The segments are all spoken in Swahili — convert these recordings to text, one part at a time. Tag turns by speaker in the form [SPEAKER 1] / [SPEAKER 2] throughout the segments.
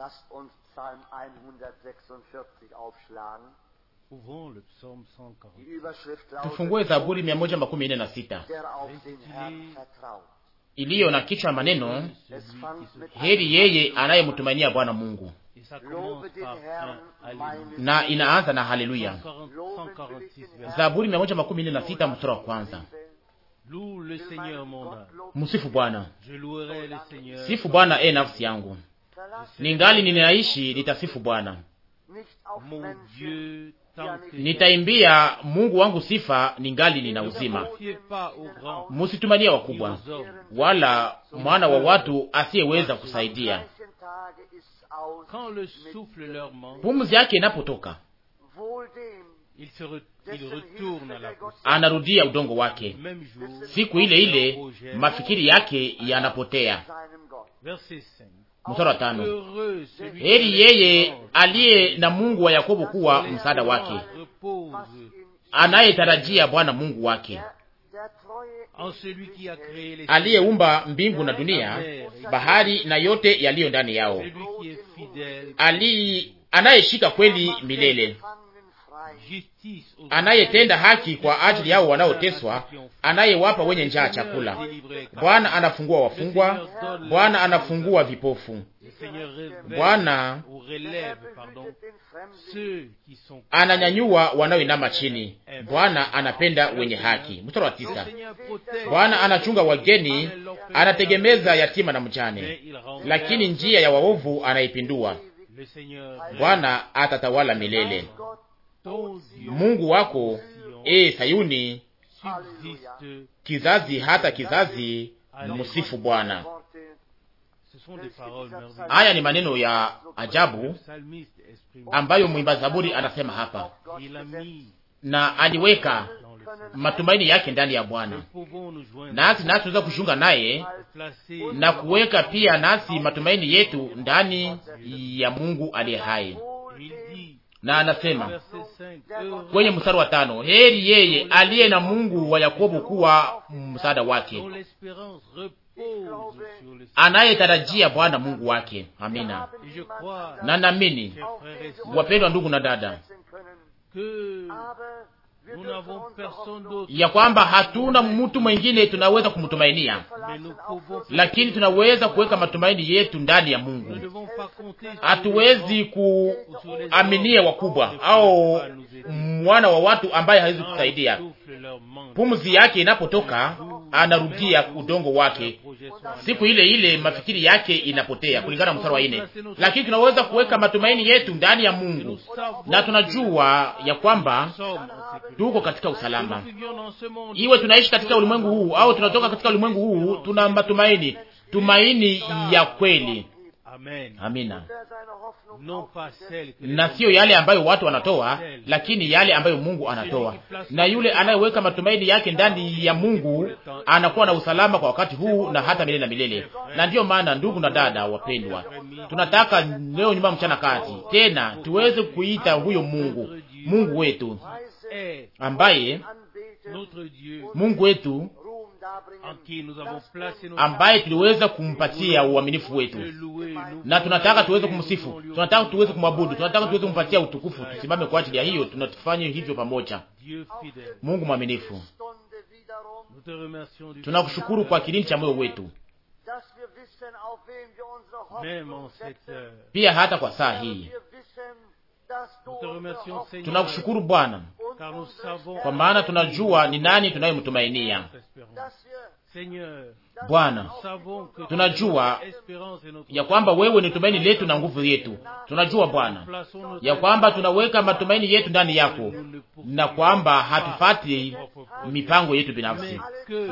[SPEAKER 1] Lasst uns Psalm 146 aufschlagen. Ouvrons le psaume 146. makumi nne na sita
[SPEAKER 2] iliyo na kichwa maneno, heri yeye anayemtumainia Bwana Mungu,
[SPEAKER 1] na inaanza na haleluya. Zaburi mia moja makumi nne na sita
[SPEAKER 2] mstari wa kwanza.
[SPEAKER 1] Msifu Bwana, sifu Bwana e
[SPEAKER 2] nafsi yangu ningali ninaishi, nitasifu Bwana, nitaimbia Mungu wangu sifa, ningali nina uzima.
[SPEAKER 1] Musitumania
[SPEAKER 2] wakubwa wala mwana wa watu asiyeweza kusaidia. Pumzi yake inapotoka
[SPEAKER 1] anarudia udongo wake, siku ile ile mafikiri yake
[SPEAKER 2] yanapotea mstari wa tano, heri yeye aliye na Mungu wa Yakobo kuwa msaada wake, anayetarajia Bwana Mungu wake,
[SPEAKER 1] aliyeumba mbingu na dunia, bahari
[SPEAKER 2] na yote yaliyo ndani yao, ali anayeshika kweli milele anayetenda haki kwa ajili yao wanaoteswa, anayewapa wenye njaa chakula. Bwana anafungua wafungwa, Bwana anafungua vipofu, Bwana
[SPEAKER 1] ananyanyua
[SPEAKER 2] wanaoinama eh, chini. Eh, Bwana eh, anapenda wenye haki. Mstari wa tisa. Bwana anachunga wageni, anategemeza yatima na mjane, lakini njia ya waovu anaipindua. Bwana atatawala milele. Mungu wako, e Sayuni, kizazi hata kizazi. Msifu Bwana.
[SPEAKER 1] Haya ni maneno ya ajabu ambayo mwimba Zaburi anasema hapa,
[SPEAKER 2] na aliweka matumaini yake ndani ya Bwana, nasi nasi tunaweza kushunga naye na kuweka pia nasi matumaini yetu ndani ya Mungu aliye hai na anasema kwenye mstari wa tano, heri yeye aliye na Mungu wa Yakobo kuwa msaada wake,
[SPEAKER 1] anayetarajia Bwana Mungu wake. Amina. Na naamini wapendwa ndugu na dada ya kwamba
[SPEAKER 2] hatuna mtu mwingine tunaweza kumtumainia, lakini tunaweza kuweka matumaini yetu ndani ya Mungu.
[SPEAKER 1] Hatuwezi
[SPEAKER 2] kuaminia wakubwa au mwana wa watu ambaye hawezi kusaidia. Pumzi yake inapotoka anarudia udongo wake, siku ile ile mafikiri yake inapotea, kulingana na mstari wa nne. Lakini tunaweza kuweka matumaini yetu ndani ya Mungu, na tunajua ya kwamba tuko katika usalama, iwe tunaishi katika ulimwengu huu au tunatoka katika ulimwengu huu, tuna matumaini, tumaini ya kweli. Amina, na siyo yale ambayo watu wanatoa, lakini yale ambayo Mungu anatoa. Na yule anayeweka matumaini yake ndani ya Mungu anakuwa na usalama kwa wakati huu na hata milele na milele. Na ndiyo maana, ndugu na dada wapendwa, tunataka leo nyuma mchana kati tena tuweze kuita huyo Mungu Mungu wetu
[SPEAKER 1] Eh. ambaye Mungu wetu ambaye
[SPEAKER 2] tuliweza kumpatia uaminifu wetu, na tunataka tuweze kumsifu, tunataka tuweze kumwabudu, tunataka tuweze kumpatia utukufu. Tusimame kwa ajili ya hiyo, tunatufanye hivyo pamoja. Mungu mwaminifu, tunakushukuru kwa kilindi cha moyo wetu,
[SPEAKER 1] pia hata kwa saa hii Tunakushukuru Bwana, kwa maana tunajua ni nani tunayemtumainia, Bwana, tunajua ya kwamba wewe ni tumaini
[SPEAKER 2] letu na nguvu yetu. Tunajua Bwana ya kwamba tunaweka matumaini yetu ndani yako, na kwamba hatufati mipango yetu binafsi,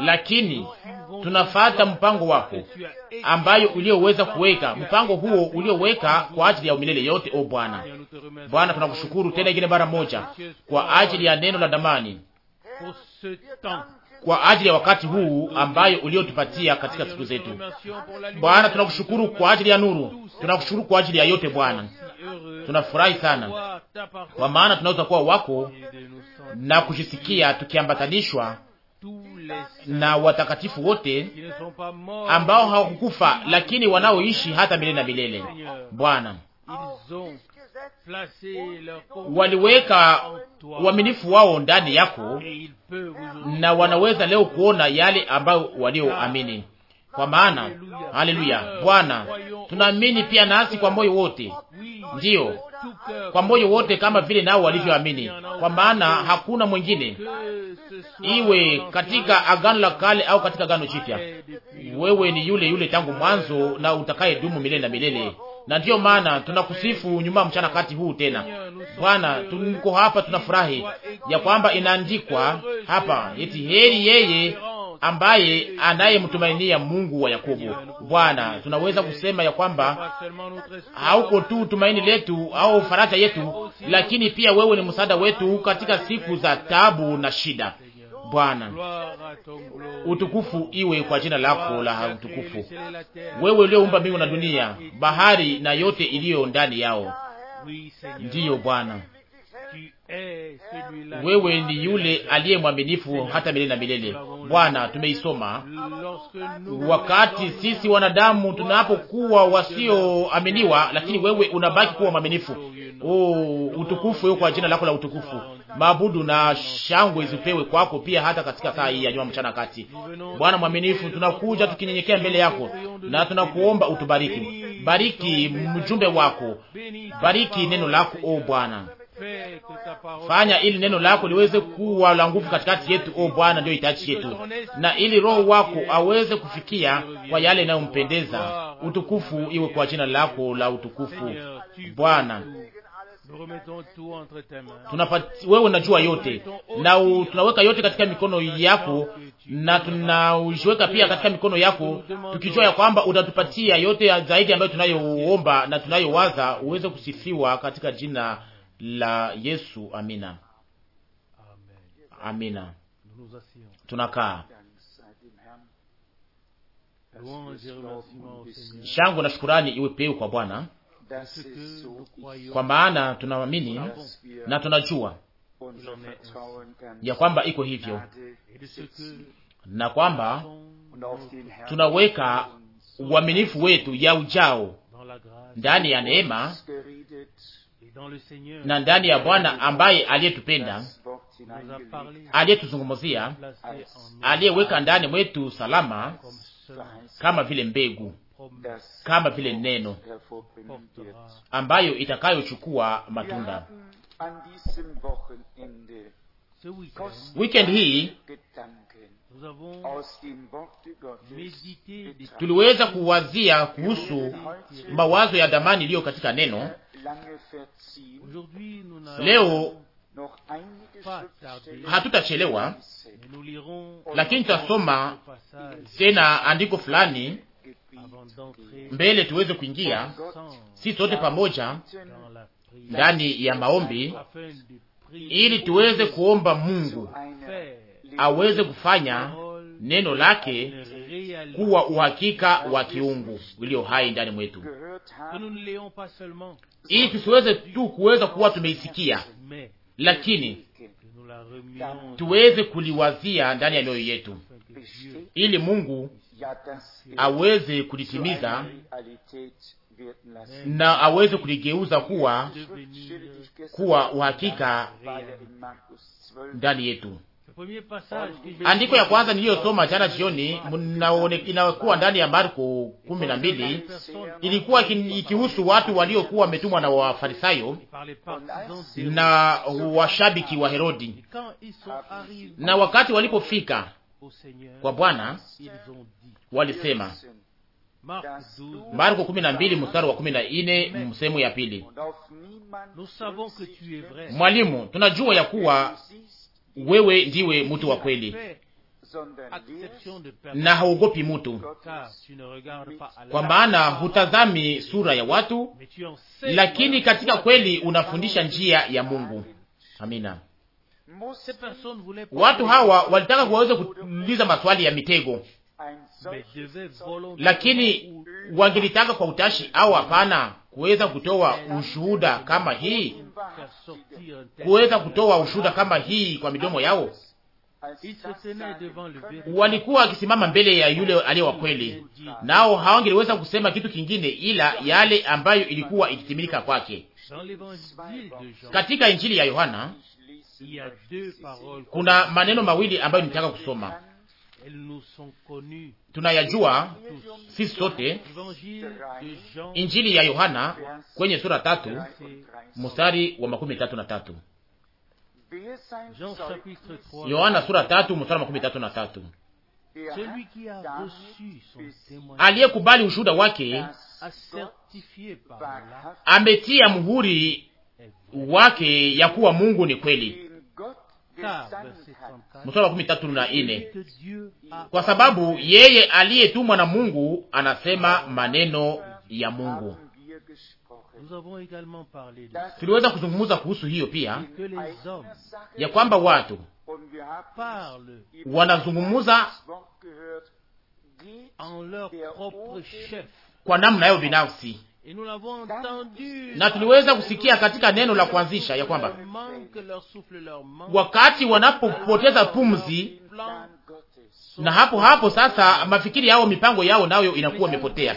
[SPEAKER 2] lakini tunafata mpango wako ambayo ulioweza kuweka, mpango huo ulioweka kwa ajili ya umilele yote. O oh Bwana, Bwana, tunakushukuru tena ingine mara moja kwa ajili ya neno la damani kwa ajili ya wakati huu ambayo uliotupatia katika siku zetu. Bwana, tunakushukuru kwa ajili ya nuru, tunakushukuru kwa ajili ya yote Bwana. Tunafurahi sana kwa maana tunaweza kuwa wako na kujisikia tukiambatanishwa na watakatifu wote ambao hawakukufa lakini wanaoishi hata milele na milele. Bwana,
[SPEAKER 1] waliweka
[SPEAKER 2] uaminifu wao ndani yako, na wanaweza leo kuona yale ambayo walioamini. Kwa maana haleluya, Bwana, tunaamini pia nasi kwa moyo wote, ndiyo kwa moyo wote, kama vile nao walivyoamini, kwa maana hakuna mwingine, iwe katika agano la kale au katika agano jipya. Wewe ni yule yule tangu mwanzo na utakaye dumu milele na milele na ndiyo maana tunakusifu nyuma mchana kati huu tena. Bwana, tuko hapa tunafurahi ya kwamba inaandikwa hapa eti heri yeye ambaye anayemtumainia Mungu wa Yakobo. Bwana, tunaweza kusema ya kwamba hauko tu tumaini letu au faraja yetu, lakini pia wewe ni msaada wetu katika siku za tabu na shida. Bwana, utukufu iwe kwa jina lako la utukufu, wewe ulioumba mbingu na dunia, bahari na yote iliyo ndani yao. Ndiyo Bwana, wewe ni yule aliye mwaminifu hata milele na milele. Bwana, tumeisoma wakati sisi wanadamu tunapokuwa wasioaminiwa, lakini wewe unabaki kuwa mwaminifu. Oh, utukufu iwe kwa jina lako la utukufu. Mabudu na shangwe zipewe kwako pia, hata katika saa hii ya nyuma mchana kati. Bwana mwaminifu, tunakuja tukinyenyekea mbele yako na tunakuomba utubariki. Bariki mjumbe wako, bariki neno lako, o Bwana. Fanya ili neno lako liweze kuwa la nguvu katikati yetu, o Bwana, ndio hitaji yetu, na ili Roho wako aweze kufikia kwa yale yanayompendeza. Utukufu iwe kwa jina lako la utukufu, Bwana. Tunapati, wewe unajua yote na u, tunaweka yote katika mikono yako, na tunaujiweka pia katika mikono yako, tukijua ya kwamba utatupatia yote zaidi ambayo tunayoomba na tunayowaza. Uweze kusifiwa katika jina la Yesu. Amina, amina. Tunakaa shangwe na shukurani iwe peu kwa Bwana
[SPEAKER 1] kwa maana tunaamini na tunajua ya kwamba iko hivyo
[SPEAKER 2] na kwamba
[SPEAKER 1] tunaweka
[SPEAKER 2] uaminifu wetu ya ujao ndani ya neema
[SPEAKER 1] na ndani ya Bwana ambaye aliyetupenda, aliyetuzungumzia, aliyeweka ndani mwetu salama kama vile mbegu kama vile neno
[SPEAKER 2] ambayo itakayochukua matunda.
[SPEAKER 1] Weekend hii tuliweza
[SPEAKER 2] kuwazia kuhusu mawazo ya damani iliyo katika neno.
[SPEAKER 1] Leo hatutachelewa, lakini tutasoma tena andiko fulani mbele tuweze kuingia si sote pamoja
[SPEAKER 2] ndani ya maombi, ili tuweze kuomba Mungu aweze kufanya neno lake kuwa uhakika wa kiungu iliyo hai ndani mwetu, ili tusiweze tu kuweza kuwa tumeisikia, lakini tuweze kuliwazia ndani ya mioyo yetu, ili Mungu aweze kulitimiza
[SPEAKER 1] na aweze kuligeuza kuwa kuwa uhakika
[SPEAKER 2] ndani yetu.
[SPEAKER 1] Andiko ya kwanza niliyosoma
[SPEAKER 2] jana jioni inakuwa ndani ya Marko kumi na mbili ilikuwa ikihusu watu waliokuwa wametumwa na Wafarisayo na washabiki wa Herodi, na wakati walipofika kwa Bwana
[SPEAKER 1] walisema. Marko 12 mstari wa
[SPEAKER 2] 14 sehemu ya pili.
[SPEAKER 1] Mwalimu, tunajua ya kuwa
[SPEAKER 2] wewe ndiwe mtu wa kweli
[SPEAKER 1] na haogopi mtu, kwa maana
[SPEAKER 2] hutazami sura ya watu, lakini katika kweli unafundisha njia ya Mungu. Amina.
[SPEAKER 1] Watu hawa
[SPEAKER 2] walitaka waweze kuuliza maswali ya mitego,
[SPEAKER 1] lakini
[SPEAKER 2] wangelitaka kwa utashi au hapana kuweza kutoa ushuhuda kama hii,
[SPEAKER 1] kuweza kutoa
[SPEAKER 2] ushuhuda kama hii kwa midomo yao. Walikuwa wakisimama mbele ya yule aliye wa kweli, nao hawangeliweza kusema kitu kingine ila yale ambayo ilikuwa ikitimilika kwake
[SPEAKER 1] katika Injili ya Yohana kuna maneno
[SPEAKER 2] mawili ambayo nitaka kusoma, tunayajua sisi sote.
[SPEAKER 1] Injili ya Yohana kwenye sura tatu
[SPEAKER 2] mstari wa makumi tatu na tatu.
[SPEAKER 1] Yohana sura tatu
[SPEAKER 2] mstari wa makumi tatu na tatu.
[SPEAKER 1] Aliyekubali ushuhuda wake
[SPEAKER 2] ametia muhuri wake ya kuwa Mungu ni kweli mstari wa tatu na ine kwa sababu yeye aliyetumwa na Mungu anasema maneno ya Mungu.
[SPEAKER 1] Tuliweza kuzungumza
[SPEAKER 2] kuhusu hiyo pia,
[SPEAKER 1] ya kwamba watu wanazungumza
[SPEAKER 2] kwa namna yao binafsi na tuliweza kusikia katika neno la kuanzisha ya kwamba wakati wanapopoteza pumzi, na hapo hapo sasa mafikiri yao, mipango yao nayo inakuwa imepotea.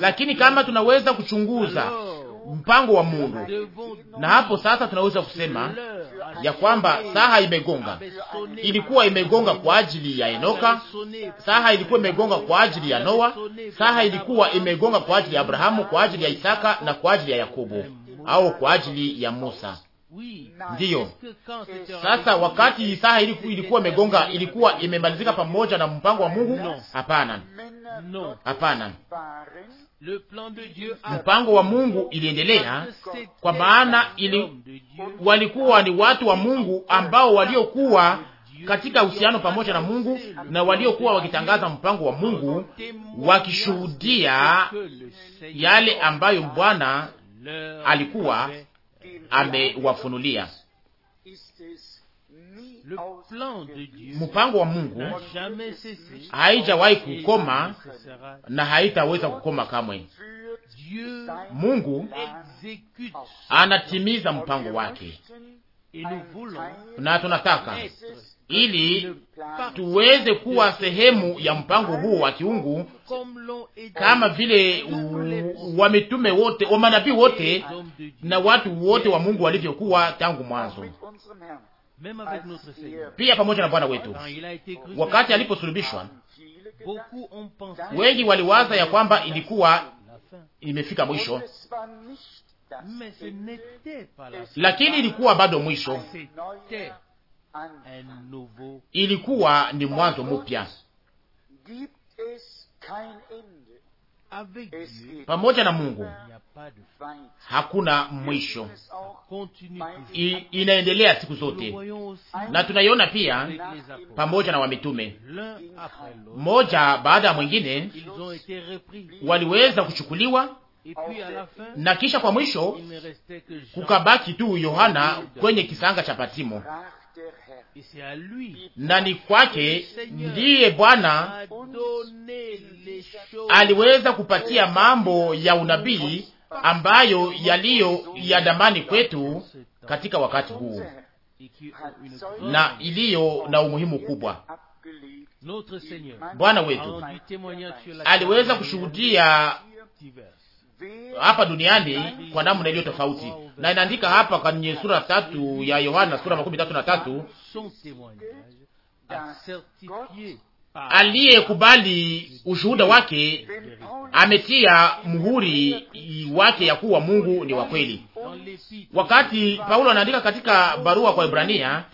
[SPEAKER 2] Lakini kama tunaweza kuchunguza mpango wa Mungu. Na hapo sasa tunaweza kusema ya kwamba saha imegonga, ilikuwa imegonga kwa ajili ya Enoka, saha ilikuwa imegonga kwa ajili ya Noa, saha ilikuwa imegonga kwa ajili ya Abrahamu, kwa ajili ya Isaka na kwa ajili ya Yakobo au kwa ajili ya Musa.
[SPEAKER 1] Ndiyo, sasa wakati
[SPEAKER 2] saha ilikuwa imegonga, ilikuwa imemalizika pamoja na mpango wa Mungu? Hapana,
[SPEAKER 1] hapana mpango wa Mungu
[SPEAKER 2] iliendelea, kwa maana ili walikuwa ni watu wa Mungu ambao waliokuwa katika uhusiano pamoja na Mungu na waliokuwa wakitangaza mpango wa Mungu, wakishuhudia yale ambayo Bwana alikuwa amewafunulia
[SPEAKER 1] mpango wa Mungu haijawahi kukoma na haitaweza kukoma kamwe. Mungu
[SPEAKER 2] anatimiza mpango wake, na tunataka ili tuweze kuwa sehemu ya mpango huo wa kiungu,
[SPEAKER 1] kama vile
[SPEAKER 2] wamitume wote, wamanabii wote na watu wote wa Mungu walivyokuwa tangu mwanzo pia pamoja na Bwana wetu wakati aliposulubishwa.
[SPEAKER 1] Wengi waliwaza
[SPEAKER 2] ya kwamba ilikuwa imefika mwisho, lakini ilikuwa bado mwisho, ilikuwa ni mwanzo mpya
[SPEAKER 1] pamoja na Mungu
[SPEAKER 2] hakuna mwisho, inaendelea siku zote, na tunaiona pia pamoja na wamitume
[SPEAKER 1] moja baada ya mwingine waliweza kuchukuliwa, na
[SPEAKER 2] kisha kwa mwisho kukabaki tu Yohana kwenye kisanga cha Patimo na ni kwake ndiye Bwana aliweza kupatia mambo ya unabii ambayo yaliyo ya damani kwetu katika wakati huu
[SPEAKER 1] na iliyo
[SPEAKER 2] na umuhimu kubwa.
[SPEAKER 1] Bwana wetu aliweza
[SPEAKER 2] kushuhudia hapa duniani kwa namna iliyo tofauti, na inaandika hapa kwenye sura tatu ya Yohana sura makumi tatu na tatu aliyekubali ushuhuda wake ametia muhuri wake ya kuwa Mungu ni wa kweli. Wakati Paulo anaandika katika barua kwa Ibrania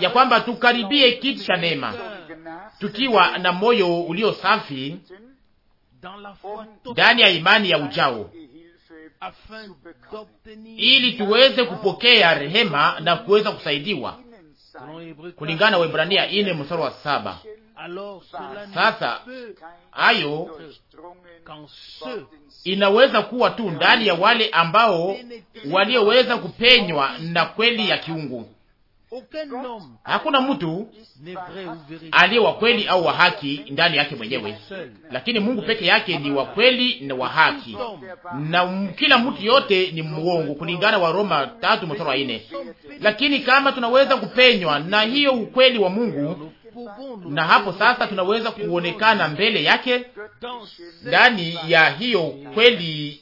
[SPEAKER 2] ya kwamba tukaribie kiti cha neema tukiwa na moyo ulio safi ndani ya imani ya ujao
[SPEAKER 1] ili tuweze
[SPEAKER 2] kupokea rehema na kuweza kusaidiwa kulingana na Waebrania ine mstari wa saba. Sasa hayo inaweza kuwa tu ndani ya wale ambao walioweza kupenywa na kweli ya kiungu Hakuna mtu aliye wa kweli au wa haki ndani yake mwenyewe, lakini Mungu peke yake ni wa kweli na wa haki, na kila mtu yote ni mwongo, kulingana wa Roma tatu mstari wa nne. Lakini kama tunaweza kupenywa na hiyo ukweli wa Mungu, na hapo sasa tunaweza kuonekana mbele yake ndani ya hiyo kweli,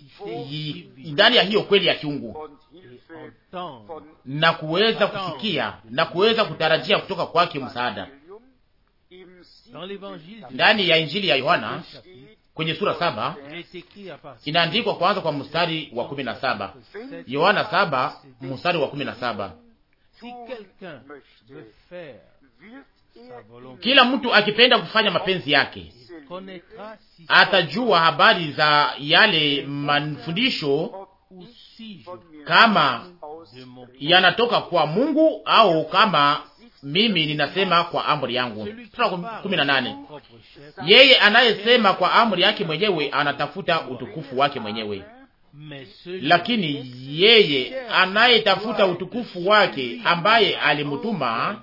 [SPEAKER 2] ndani ya hiyo kweli ya kiungu
[SPEAKER 1] na kuweza kusikia na kuweza
[SPEAKER 2] kutarajia kutoka kwake msaada.
[SPEAKER 1] Ndani ya Injili ya Yohana kwenye sura saba inaandikwa
[SPEAKER 2] kwanza kwa mstari wa kumi na saba Yohana saba mstari wa kumi na saba
[SPEAKER 1] kila mtu akipenda kufanya mapenzi yake
[SPEAKER 2] atajua habari za yale mafundisho,
[SPEAKER 1] kama
[SPEAKER 2] yanatoka kwa Mungu au kama mimi ninasema kwa amri yangu. Sura kumi na nane. Yeye anayesema kwa amri yake mwenyewe anatafuta utukufu wake mwenyewe,
[SPEAKER 1] lakini
[SPEAKER 2] yeye anayetafuta utukufu wake ambaye alimtuma,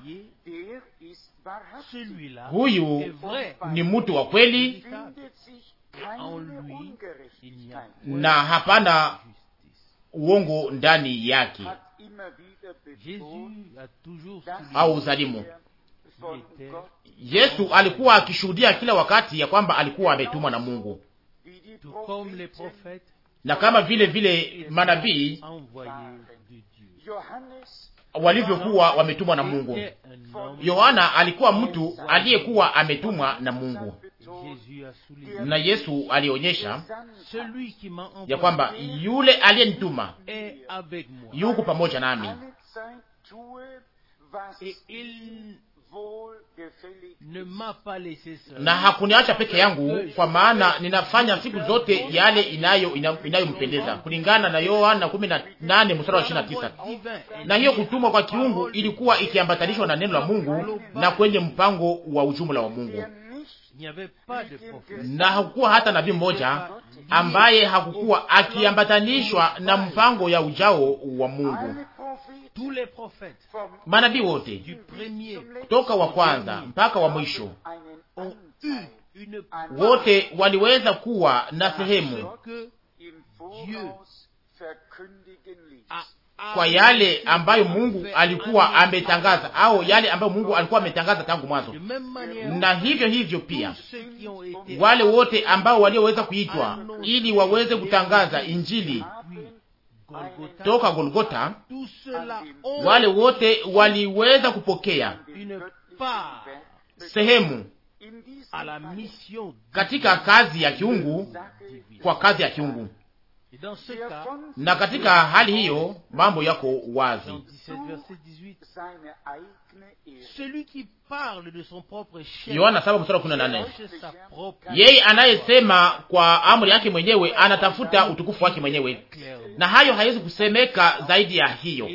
[SPEAKER 1] huyu ni mtu wa kweli
[SPEAKER 2] na hapana uongo ndani yake
[SPEAKER 1] au uzalimu.
[SPEAKER 2] Yesu alikuwa akishuhudia kila wakati ya kwamba alikuwa ametumwa na Mungu, na kama vile vile manabii walivyokuwa wametumwa na Mungu. Yohana alikuwa mtu aliyekuwa ametumwa na Mungu na Yesu alionyesha ya kwamba yule aliyenituma
[SPEAKER 1] yuko pamoja nami na hakuniacha peke
[SPEAKER 2] yangu, kwa maana ninafanya siku zote yale inayo inayompendeza, kulingana na Yohana 18 mstari wa 29. Na hiyo kutumwa kwa kiungu ilikuwa ikiambatanishwa na neno la Mungu na kwenye mpango wa ujumla wa Mungu na hakukuwa hata nabii mmoja ambaye hakukuwa akiambatanishwa na mpango ya ujao wa Mungu.
[SPEAKER 1] Manabii wote toka wa kwanza
[SPEAKER 2] mpaka wa mwisho
[SPEAKER 1] wote waliweza kuwa na sehemu kwa yale
[SPEAKER 2] ambayo Mungu alikuwa ametangaza au yale ambayo Mungu alikuwa ametangaza tangu mwanzo. Na hivyo hivyo pia wale wote ambao walioweza kuitwa ili waweze kutangaza injili
[SPEAKER 1] toka Golgota, wale wote
[SPEAKER 2] waliweza kupokea sehemu
[SPEAKER 1] katika kazi ya kiungu, kwa kazi ya kiungu na katika hali hiyo
[SPEAKER 2] mambo yako wazi.
[SPEAKER 1] Yohana saba kumi na nane. Yeye
[SPEAKER 2] anayesema kwa amri yake mwenyewe anatafuta utukufu wake mwenyewe, na hayo haiwezi kusemeka zaidi ya hiyo.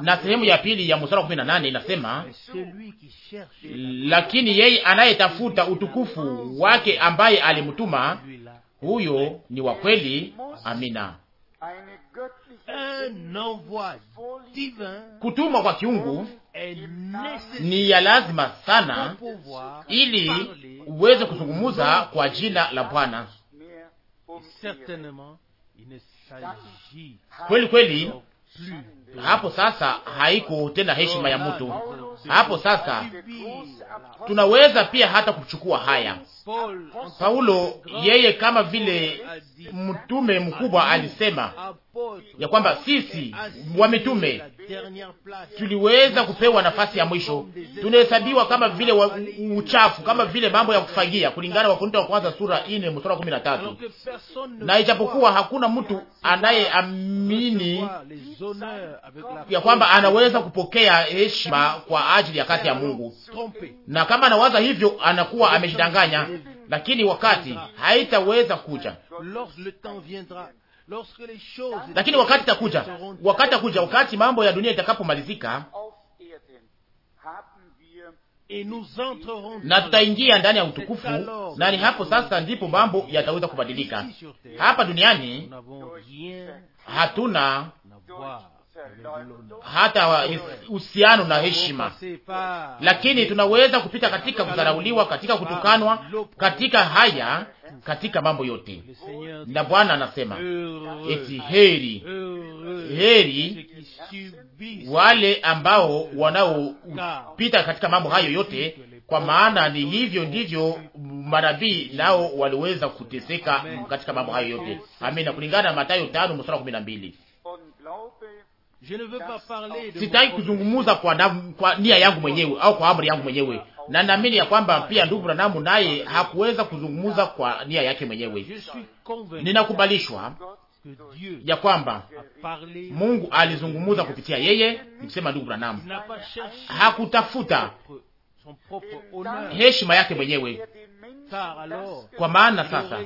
[SPEAKER 2] Na sehemu ya pili ya mstari wa kumi na nane inasema, lakini yeye anayetafuta utukufu wake ambaye alimtuma huyo ni wa kweli. Amina. Kutumwa kwa kiungu
[SPEAKER 1] ni ya lazima sana, ili
[SPEAKER 2] uweze kuzungumuza kwa jina la Bwana
[SPEAKER 1] kweli kweli
[SPEAKER 2] hapo sasa haiko tena heshima ya mtu. Hapo sasa tunaweza pia hata kuchukua haya.
[SPEAKER 1] Paulo yeye kama vile
[SPEAKER 2] mtume mkubwa alisema ya kwamba sisi
[SPEAKER 1] wamitume
[SPEAKER 2] tuliweza kupewa nafasi ya mwisho, tunahesabiwa kama vile wa, uchafu kama vile mambo ya kufagia, kulingana Wakorintho wa kwanza sura ine mstari wa kumi na tatu.
[SPEAKER 1] Na ijapokuwa
[SPEAKER 2] hakuna mtu anayeamini
[SPEAKER 1] ya kwamba anaweza
[SPEAKER 2] kupokea heshima kwa ajili ya kazi ya Mungu, na kama anawaza hivyo anakuwa amejidanganya, lakini wakati haitaweza kuja
[SPEAKER 1] lakini wakati takuja, wakati takuja, wakati
[SPEAKER 2] mambo ya dunia itakapomalizika
[SPEAKER 1] na tutaingia ndani ya utukufu, na ni hapo
[SPEAKER 2] sasa ndipo mambo yataweza kubadilika. Hapa duniani hatuna
[SPEAKER 1] hata
[SPEAKER 2] uhusiano na heshima, lakini tunaweza kupita katika kudharauliwa, katika kutukanwa, katika haya, katika mambo yote. Na Bwana anasema eti heri, heri wale ambao wanaopita katika mambo hayo yote, kwa maana ni hivyo ndivyo manabii nao waliweza kuteseka katika mambo hayo yote. Amina, kulingana na Mathayo tano mstari wa kumi na mbili
[SPEAKER 1] sitaki kuzungumuza
[SPEAKER 2] kwa, kwa nia yangu mwenyewe au kwa amri yangu mwenyewe, na naamini ya kwamba pia ndugu Branamu naye hakuweza kuzungumuza kwa nia yake mwenyewe.
[SPEAKER 1] Ninakubalishwa
[SPEAKER 2] ya kwamba Mungu alizungumuza kupitia yeye, nikisema ndugu Branamu hakutafuta heshima yake mwenyewe
[SPEAKER 1] kwa maana sasa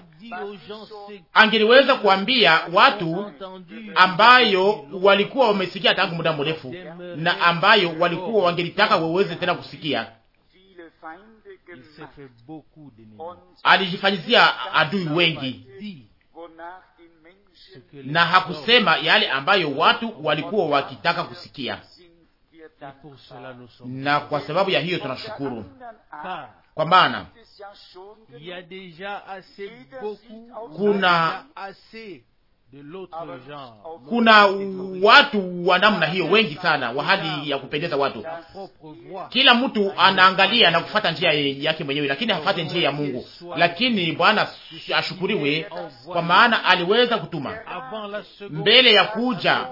[SPEAKER 2] angeliweza kuambia watu ambayo walikuwa wamesikia tangu muda mrefu na ambayo walikuwa wangelitaka waweze tena kusikia. Alijifanyizia adui wengi na hakusema yale ambayo watu walikuwa wakitaka kusikia na kwa sababu ya hiyo tunashukuru, kwa maana
[SPEAKER 1] kuna Ah, Kuna
[SPEAKER 2] watu wa namna hiyo wengi sana, wa hali ya kupendeza watu. Kila mtu anaangalia na kufuata njia yake mwenyewe, lakini hafuate njia ya Mungu. Lakini Bwana ashukuriwe, kwa maana aliweza kutuma
[SPEAKER 1] mbele ya kuja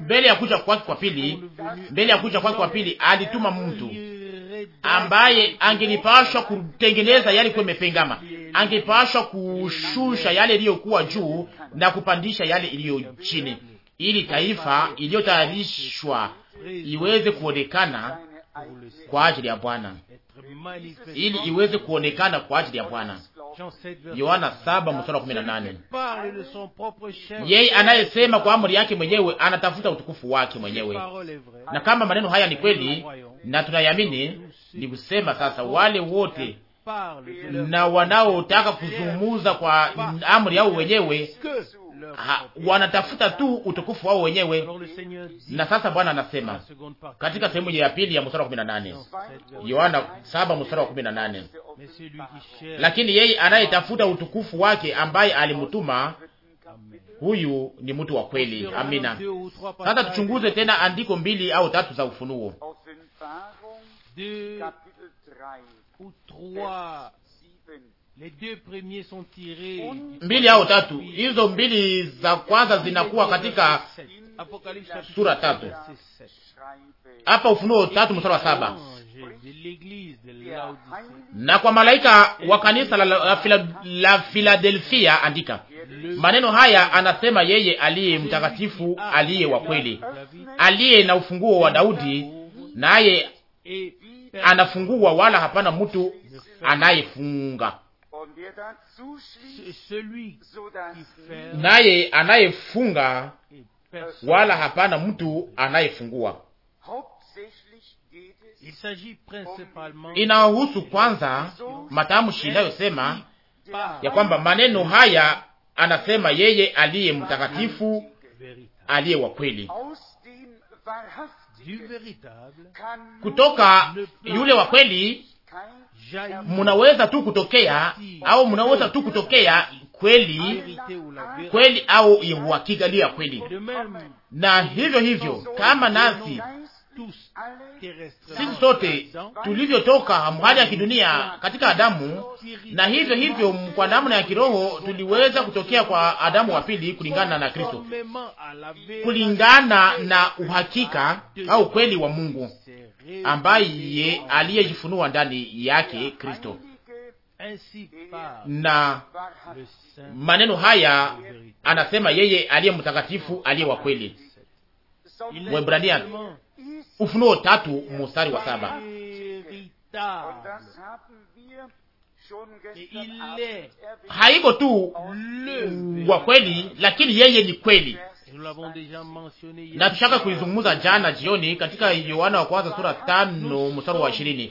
[SPEAKER 2] mbele ya kuja kwake kwa pili, mbele ya kuja kwake kwa pili, alituma mtu ambaye angelipashwa kutengeneza kwa mepengama angepashwa kushusha yale iliyokuwa juu na kupandisha yale iliyo chini, ili taifa iliyotayarishwa iweze kuonekana kwa ajili ya Bwana, ili iweze kuonekana kwa ajili ya Bwana. Yohana 7:18.
[SPEAKER 1] Yeye anayesema
[SPEAKER 2] kwa amri yake mwenyewe anatafuta utukufu wake mwenyewe. Na kama maneno haya ni kweli na tunayamini, ni kusema sasa wale wote na wanaotaka kuzungumuza kwa amri yao wenyewe ha, wanatafuta tu utukufu wao wenyewe. Na sasa Bwana anasema katika sehemu ya pili ya mstari wa 18, Yohana 7 mstari wa 18,
[SPEAKER 1] lakini yeye
[SPEAKER 2] anayetafuta utukufu wake ambaye alimtuma huyu ni mtu wa kweli. Amina. Sasa tuchunguze tena andiko mbili au tatu za Ufunuo
[SPEAKER 1] ou trois, les deux premiers sont tirés, mbili au tatu.
[SPEAKER 2] Hizo mbili za kwanza zinakuwa katika sura tatu
[SPEAKER 1] hapa Ufunuo tatu mstari wa saba na kwa malaika wa kanisa
[SPEAKER 2] la, Filadelfia andika maneno haya, anasema yeye aliye mtakatifu, aliye wa kweli, aliye na ufunguo wa Daudi, naye anafungua, wala hapana mtu anayefunga. Naye anayefunga, wala hapana mtu anayefungua.
[SPEAKER 1] Inahusu
[SPEAKER 2] kwanza matamshi inayosema ya kwamba maneno haya anasema yeye aliye mtakatifu aliye wa kweli kutoka yule wa kweli
[SPEAKER 1] munaweza
[SPEAKER 2] tu kutokea au munaweza tu kutokea kweli kweli au uhakika ya kweli. Na hivyo hivyo, kama nasi tous terrestres, sisi sote tulivyotoka mbali ya kidunia katika Adamu, na hivyo hivyo kwa namna ya kiroho tuliweza kutokea kwa Adamu wa pili kulingana na Kristo, kulingana na uhakika au kweli wa Mungu ambaye aliyejifunua ndani yake Kristo
[SPEAKER 1] na maneno haya
[SPEAKER 2] anasema yeye aliye mtakatifu aliye wa kweli, Ufunuo tatu mstari wa saba. Haiko tu wa kweli, lakini yeye ni kweli, na tushaka kuizungumza jana jioni katika Yohana wa kwanza sura tano mstari wa ishirini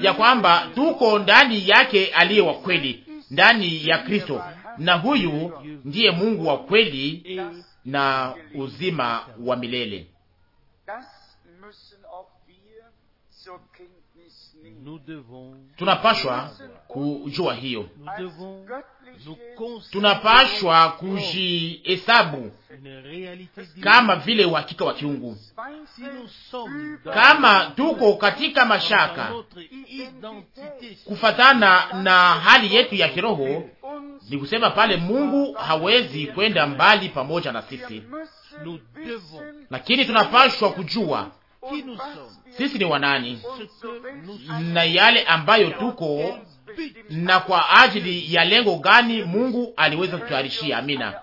[SPEAKER 2] ya kwamba tuko ndani yake aliye wa kweli, ndani ya Kristo, na huyu ndiye Mungu wa kweli na uzima wa milele.
[SPEAKER 1] Tunapashwa kujua hiyo, tunapashwa
[SPEAKER 2] kujihesabu kama vile uhakika wa kiungu. Kama tuko katika mashaka kufatana na hali yetu ya kiroho, ni kusema pale Mungu hawezi kwenda mbali pamoja na sisi, lakini tunapashwa kujua sisi ni wanani na yale ambayo tuko na kwa ajili ya lengo gani Mungu aliweza kutuarishia. Amina.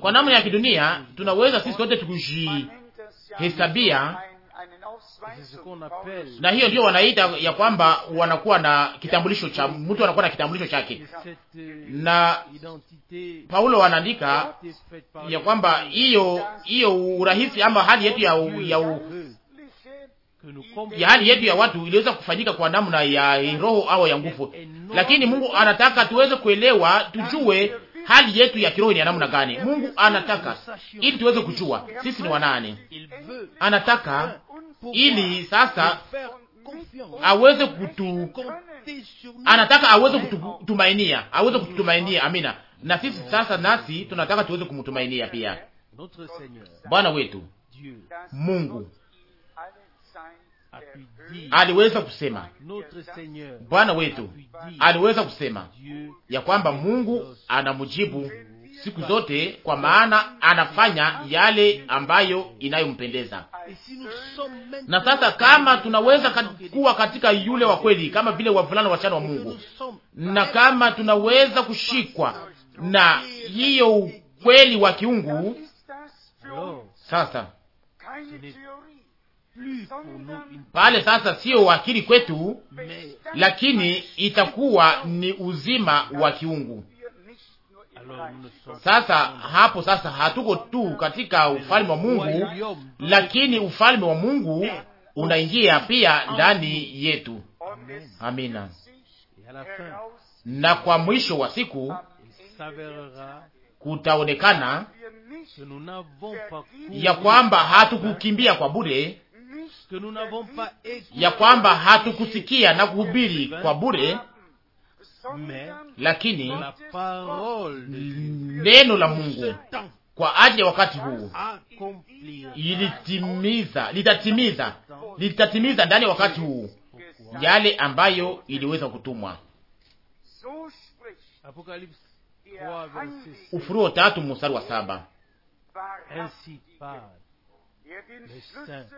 [SPEAKER 2] Kwa namna ya kidunia tunaweza sisi sote tukujihesabia
[SPEAKER 1] na hiyo ndio wanaita
[SPEAKER 2] ya kwamba wanakuwa na kitambulisho cha mtu, anakuwa na kitambulisho chake. Uh, na Paulo anaandika ya kwamba hiyo hiyo urahisi ama hali yetu ya, ya, ya hali yetu ya watu iliweza kufanyika kwa namna ya roho au ya nguvu, lakini Mungu anataka tuweze kuelewa, tujue hali yetu ya kiroho ni ya namna gani. Mungu anataka ili tuweze kujua sisi ni wanani, anataka ili sasa
[SPEAKER 1] aweze kutu, anataka aweze
[SPEAKER 2] kutumainia, aweze kutumainia. Amina. Na sisi sasa, nasi tunataka tuweze kumtumainia pia Bwana wetu
[SPEAKER 1] Mungu aliweza kusema, Bwana wetu aliweza kusema
[SPEAKER 2] ya kwamba Mungu anamjibu siku zote, kwa maana anafanya yale ambayo inayompendeza.
[SPEAKER 1] Na sasa kama
[SPEAKER 2] tunaweza kuwa katika yule wa kweli, kama vile wavulana wasichana wa Mungu, na kama tunaweza kushikwa na hiyo ukweli wa kiungu sasa pale sasa sio akili kwetu, lakini itakuwa ni uzima wa kiungu. Sasa hapo sasa hatuko tu katika ufalme wa Mungu, lakini ufalme wa Mungu unaingia pia ndani yetu. Amina. Na kwa mwisho wa siku kutaonekana
[SPEAKER 1] ya kwamba
[SPEAKER 2] hatukukimbia kwa bure, ya kwamba hatukusikia na kuhubiri kwa bure lakini neno la Mungu kwa ajili ya wakati huu ilitimiza, litatimiza,
[SPEAKER 1] litatimiza ndani ya wakati huu
[SPEAKER 2] yale ambayo iliweza kutumwa. Ufuruo tatu mstari wa saba.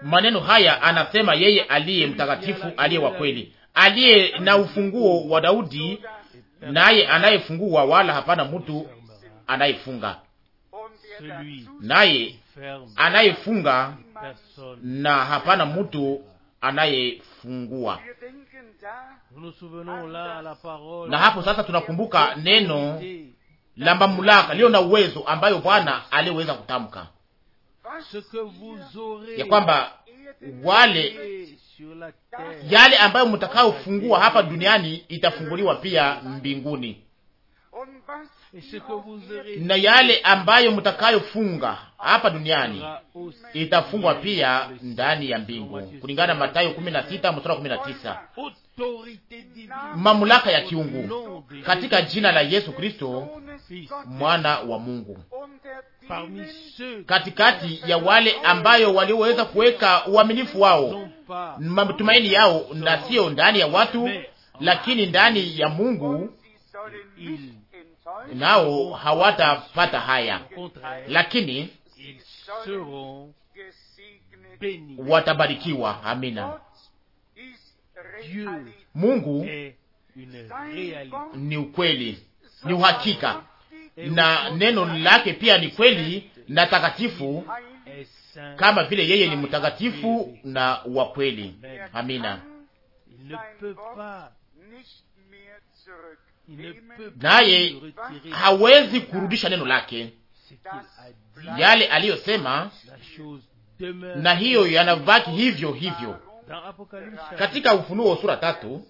[SPEAKER 2] Maneno haya anasema yeye aliye mtakatifu, aliye wa kweli, aliye na ufunguo wa Daudi naye anayefungua wala hapana mtu anayefunga, naye anayefunga na hapana mtu anayefungua. Na hapo sasa tunakumbuka neno la mamlaka liyo na uwezo ambayo Bwana aliweza kutamka ya kwamba wale yale ambayo mtakaofungua hapa duniani itafunguliwa pia mbinguni
[SPEAKER 1] na yale
[SPEAKER 2] ambayo mtakayofunga hapa duniani itafungwa pia ndani ya mbingu, kulingana na Mathayo 16 mstari
[SPEAKER 1] 19.
[SPEAKER 2] Mamlaka ya kiungu katika jina la Yesu Kristo mwana wa Mungu, katikati ya wale ambayo walioweza kuweka uaminifu wao matumaini yao, na sio ndani ya watu, lakini ndani ya Mungu
[SPEAKER 1] nao hawatapata haya, lakini watabarikiwa.
[SPEAKER 2] Amina. Mungu ni ukweli, ni uhakika, na neno lake pia ni kweli na takatifu, kama vile yeye ni mtakatifu na wa kweli. Amina
[SPEAKER 1] naye hawezi
[SPEAKER 2] kurudisha neno lake
[SPEAKER 1] yale aliyosema, na hiyo
[SPEAKER 2] yanabaki hivyo hivyo.
[SPEAKER 1] Katika Ufunuo sura tatu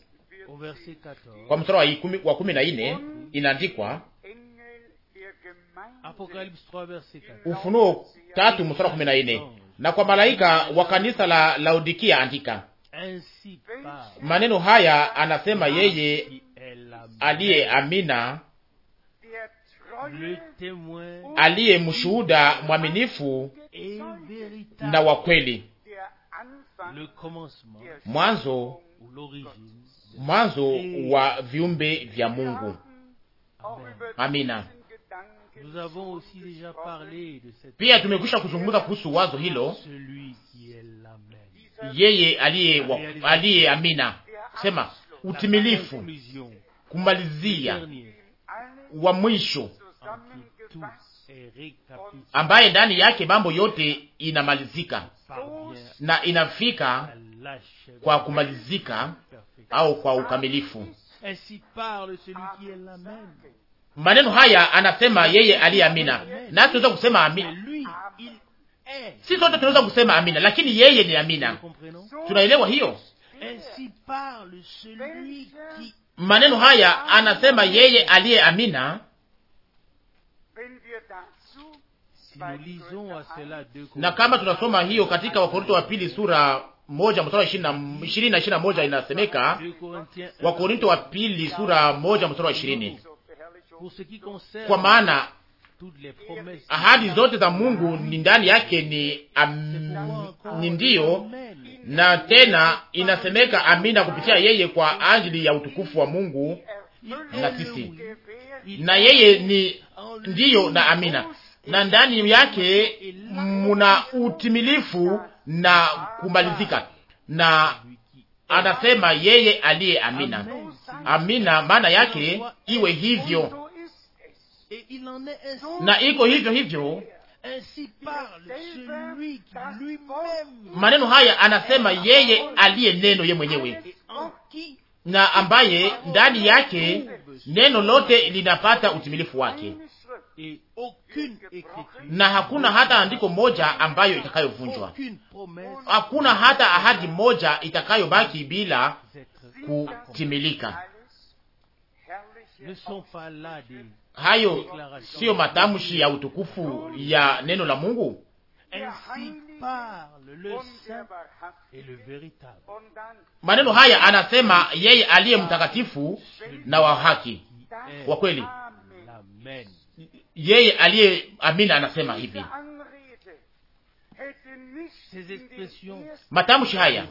[SPEAKER 1] kwa mstari
[SPEAKER 2] wa wa kumi na ine inaandikwa Ufunuo tatu mstari wa kumi na ine na kwa malaika wa kanisa la Laodikia andika maneno haya, anasema yeye aliye amina,
[SPEAKER 1] aliye mshuhuda
[SPEAKER 2] mwaminifu
[SPEAKER 1] na wa kweli, mwanzo mwanzo wa
[SPEAKER 2] viumbe vya Mungu. Amina. Pia tumekwisha kuzungumza kuhusu wazo hilo, yeye aliye aliye amina sema utimilifu, kumalizia wa mwisho ambaye ndani yake mambo yote inamalizika na inafika kwa kumalizika au kwa ukamilifu. Maneno haya anasema yeye aliyeamina, nasi tunaweza kusema amina. Si sote tunaweza kusema amina, lakini yeye ni Amina. Tunaelewa hiyo? Maneno haya anasema yeye aliye amina na kama tunasoma hiyo katika Wakorinto wa pili sura moja mstari ishirini na ishirini na moja inasemeka. Wakorinto wa pili sura moja mstari wa ishirini
[SPEAKER 1] kwa maana ahadi zote za
[SPEAKER 2] Mungu ni ndani yake, ni am, ni ndiyo na tena inasemeka amina kupitia yeye kwa ajili ya utukufu wa Mungu na sisi, na yeye ni ndiyo na amina, na ndani yake muna utimilifu na kumalizika. Na anasema yeye aliye amina. Amina maana yake iwe hivyo,
[SPEAKER 1] na iko hivyo hivyo Maneno haya
[SPEAKER 2] anasema yeye aliye neno ye mwenyewe, na ambaye ndani yake neno lote linapata utimilifu wake, na hakuna hata andiko moja ambayo itakayovunjwa, hakuna hata ahadi moja itakayobaki bila kutimilika.
[SPEAKER 1] Hayo siyo matamshi
[SPEAKER 2] ya utukufu ya neno la Mungu? Maneno haya anasema yeye aliye mtakatifu na wa haki wa kweli, yeye aliye amina, anasema hivi.
[SPEAKER 1] Matamshi haya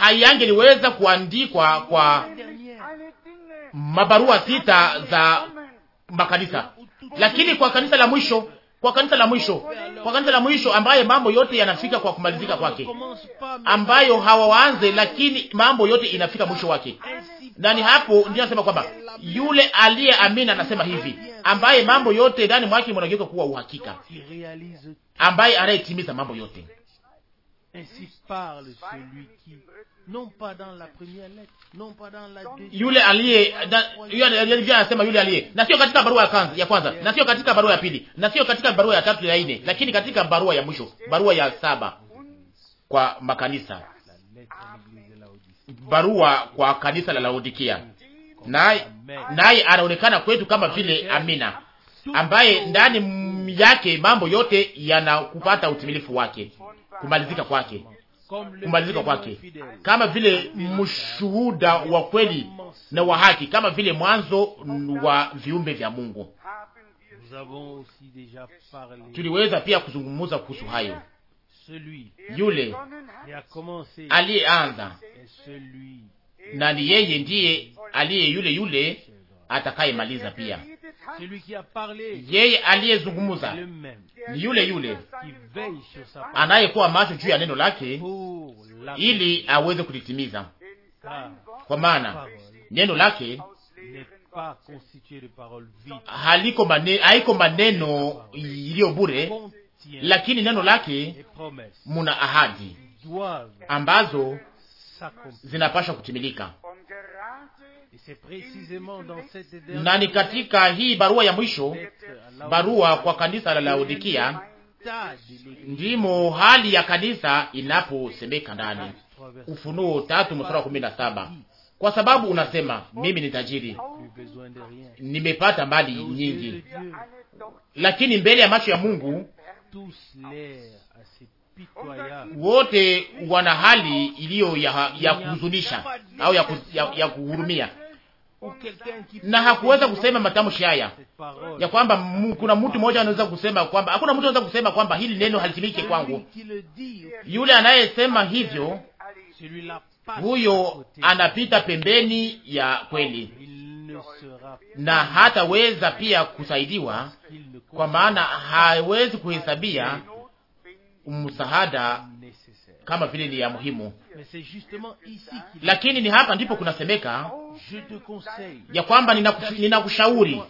[SPEAKER 1] hayangeliweza
[SPEAKER 2] kuandikwa kwa mabarua sita za makanisa, lakini kwa kanisa la mwisho, kwa kanisa la mwisho, kwa kanisa la mwisho ambaye mambo yote yanafika kwa kumalizika kwake, ambayo hawaanze, lakini mambo yote inafika mwisho wake. Nani hapo ndio anasema kwamba yule aliye amini anasema hivi, ambaye mambo yote ndani mwake mwanageuka kuwa uhakika, ambaye anayetimiza mambo yote
[SPEAKER 1] Ainsi parle celui qui, non pas dans la première lettre, non pas dans la deuxième. Yule
[SPEAKER 2] aliye aliyeingia anasema yule aliye, na sio katika barua ya kwanza ya kwanza, na sio katika barua ya pili, na sio katika barua ya tatu ya nne, lakini katika barua ya mwisho, barua ya saba kwa makanisa, barua kwa kanisa la Laodikia. Naye
[SPEAKER 1] naye anaonekana
[SPEAKER 2] kwetu kama vile Amina ambaye ndani yake mambo yote yanakupata utimilifu wake kumalizika kwake, kumalizika kwake, kama vile mshuhuda wa kweli na wa haki, kama vile mwanzo wa viumbe vya Mungu. Tuliweza pia kuzungumza kuhusu hayo.
[SPEAKER 1] Yule aliyeanza na ni yeye ndiye aliye yule
[SPEAKER 2] yule atakayemaliza pia
[SPEAKER 1] yeye aliyezungumza ni yule yule anayekuwa
[SPEAKER 2] macho juu ya neno lake ili aweze kulitimiza, ah. kwa maana neno lake
[SPEAKER 1] haliko mane, haiko
[SPEAKER 2] maneno iliyo bure, lakini neno lake muna ahadi ambazo zinapasha kutimilika
[SPEAKER 1] na ni katika hii barua ya mwisho, euh, barua kwa
[SPEAKER 2] kanisa la Laodikia, ndimo hali ya kanisa inaposemeka ndani Ufunuo tatu mstari wa kumi na saba kwa sababu unasema mimi ni tajiri, nimepata mali nyingi, lakini mbele ya macho ya Mungu wote wana hali iliyo ya, ya kuhuzunisha au ya, ya, ya kuhurumia
[SPEAKER 1] na hakuweza
[SPEAKER 2] kusema matamshi haya ya kwamba kuna mtu mmoja anaweza kusema kwamba hakuna mtu anaweza kusema kwamba hili neno halitimike kwangu. Yule anayesema hivyo, huyo anapita pembeni ya kweli
[SPEAKER 1] na hataweza
[SPEAKER 2] pia kusaidiwa, kwa maana hawezi kuhesabia msaada kama vile ni ya muhimu,
[SPEAKER 1] lakini ni hapa ndipo kunasemeka
[SPEAKER 2] ya kwamba ninakushauri,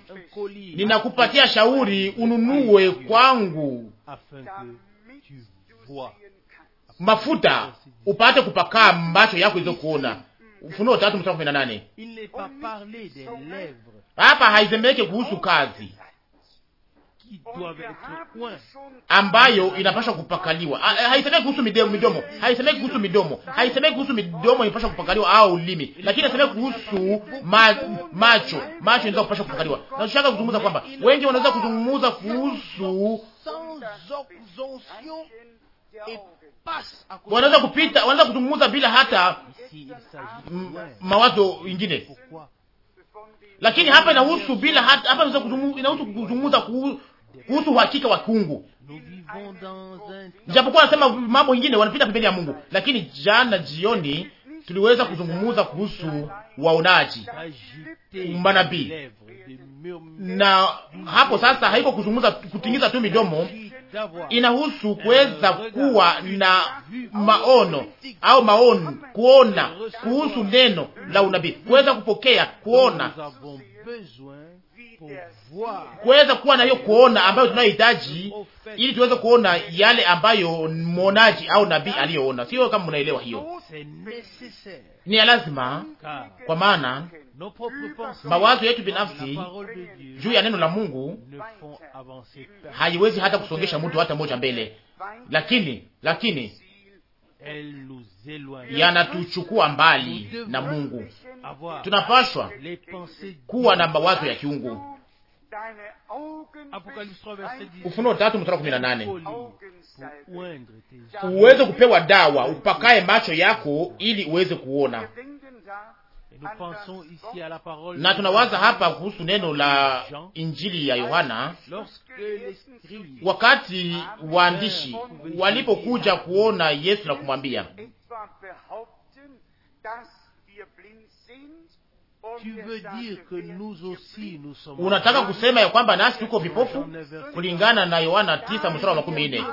[SPEAKER 2] ninakupatia shauri ununue kwangu mafuta upate kupakaa macho yako izo kuona. Ufunuo tatu mstari kumi na nane. Hapa haizemeke kuhusu kazi ambayo inapaswa kupakaliwa. Eh, haisemeki kuhusu midomo, haisemeki kuhusu midomo, haisemeki kuhusu midomo inapaswa kupakaliwa au ulimi, lakini inasemeka kuhusu ma, macho. Macho inaweza kupaswa kupakaliwa. Nataka kuzungumza kwamba wengi wanaweza kuzungumza kuhusu
[SPEAKER 1] wanaweza kupita,
[SPEAKER 2] wanaweza kuzungumza bila hata mawazo ingine, lakini hapa inahusu bila hata, hapa inahusu kuzungumza kuhusu uhakika wa kiungu. Japokuwa anasema mambo ingine wanapita pembeni ya Mungu, lakini jana jioni tuliweza kuzungumuza kuhusu waonaji, manabii. Na hapo sasa haiko kuzungumza kutingiza tu midomo, inahusu kuweza kuwa na maono au maoni, kuona kuhusu neno la unabii, kuweza kupokea, kuona
[SPEAKER 1] kuweza kuwa nayo
[SPEAKER 2] kuona ambayo tunayohitaji ili tuweze kuona yale ambayo mwonaji au nabii aliyoona. Sio kama mnaelewa hiyo ni ya lazima, kwa maana
[SPEAKER 1] mawazo yetu binafsi juu ya neno la Mungu haiwezi hata kusongesha
[SPEAKER 2] mtu hata mmoja mbele, lakini lakini
[SPEAKER 1] yanatuchukua mbali na Mungu. Tunapashwa kuwa na mawazo ya kiungu Ufunuo tatu mstari kumi na nane uweze kupewa
[SPEAKER 2] dawa upakaye macho yako ili uweze kuona. Na tunawaza hapa kuhusu neno la Injili ya Yohana, wakati waandishi walipokuja kuona Yesu na kumwambia
[SPEAKER 1] Unataka kusema ya kwamba nasi tuko vipofu kulingana
[SPEAKER 2] na Yohana 9 mstari wa makumi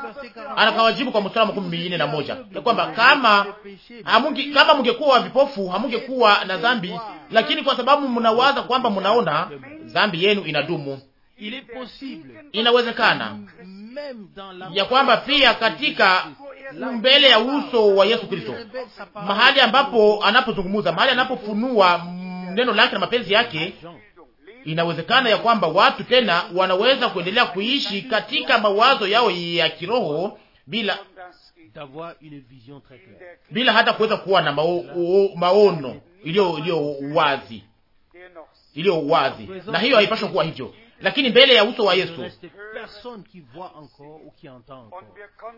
[SPEAKER 2] Anakawajibu kwa mstari wa makumi na moja ya kwamba kama hamungi kama mungekuwa vipofu hamungekuwa na dhambi, lakini kwa sababu mnawaza kwamba mnaona, dhambi yenu inadumu.
[SPEAKER 1] Inawezekana
[SPEAKER 2] ya kwamba pia katika mbele ya uso wa Yesu Kristo, mahali ambapo anapozungumza, mahali anapofunua neno lake na mapenzi yake, inawezekana ya kwamba watu tena wanaweza kuendelea kuishi katika mawazo yao ya kiroho bila bila hata kuweza kuwa na mao, maono iliyo iliyo wazi iliyo wazi, na hiyo haipaswi kuwa hivyo. Lakini mbele ya uso wa Yesu